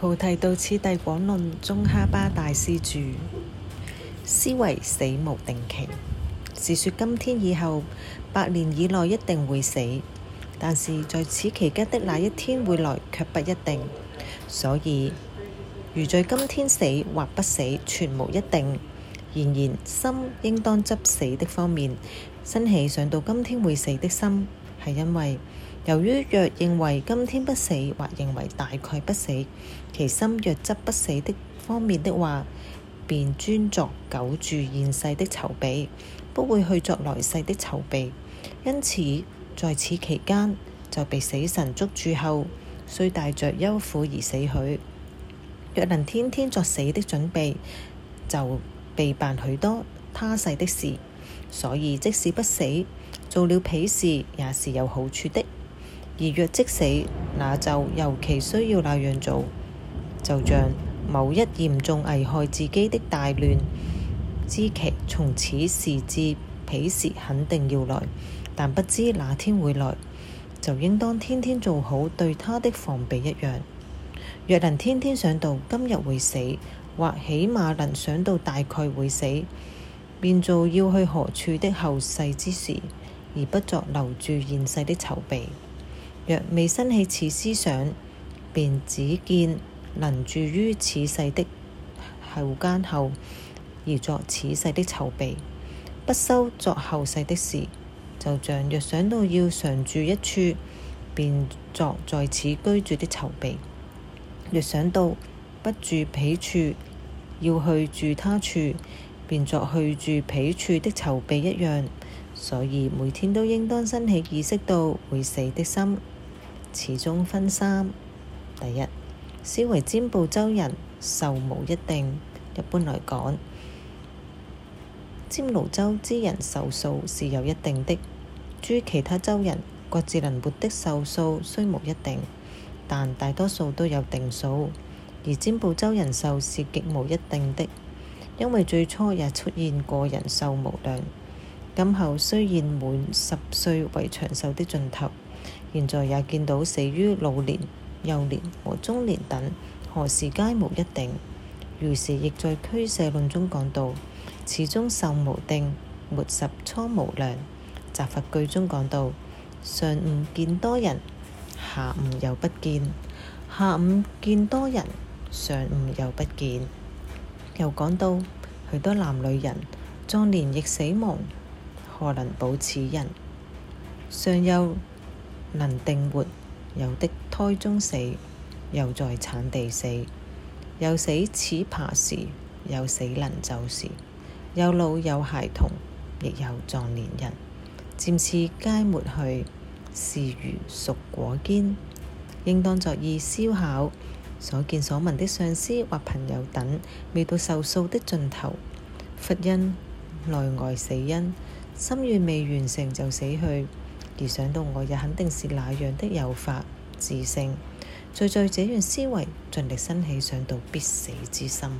菩提道次第廣論中哈巴大師著，思惟死無定期，是說今天以後百年以內一定會死，但是在此期間的那一天會來卻不一定。所以如在今天死或不死，全無一定。然而，心應當執死的方面，生起想到今天會死的心。係因為由於若認為今天不死或認為大概不死，其心若執不死的方面的話，便專作久住現世的籌備，不會去作來世的籌備。因此在此期間就被死神捉住後，須帶着憂苦而死去。若能天天作死的準備，就備辦許多他世的事。所以即使不死，做了鄙事也是有好處的，而若即死，那就尤其需要那樣做。就像某一嚴重危害自己的大亂之期，從此時至鄙事肯定要來，但不知哪天會來，就應當天天做好對他的防備一樣，若能天天想到今日會死，或起碼能想到大概會死，便做要去何處的後世之事。而不作留住現世的籌備。若未生起此思想，便只見能住於此世的後間後，而作此世的籌備，不修作後世的事。就像若想到要常住一處，便作在此居住的籌備；若想到不住彼處，要去住他處，便作去住彼處的籌備一樣。所以每天都應當生起意識到會死的心。此中分三：第一，思維贍部洲人壽無一定，一般來講，俱盧洲之人壽數是有一定的。諸其他洲人各自能活的壽數雖無一定，但大多數都有定數。而贍部洲人壽是極無一定的，因為最初也出現過人壽無量。今後雖然滿十歲為長壽的盡頭，現在也見到死於老年、幼年和中年等，何時皆無一定。如是亦在俱舍論中講到，始終壽無定，末十初無量。集法句中講到，上午見多人，下午又不見；下午見多人，上午又不見。又講到許多男女人壯年亦死亡。何能保此人？尚有能定活，有的胎中死，又在產地死，有死始爬時，有死能走時，有老有孩童，亦有壯年人，漸次皆沒去，是如熟果堅，應當作意思考所見所聞的上司或朋友等，未到壽數的盡頭，佛因內外死因。心願未完成就死去，而想到我也肯定是那樣的有法自性。再在這樣思維盡力生起想到必死之心。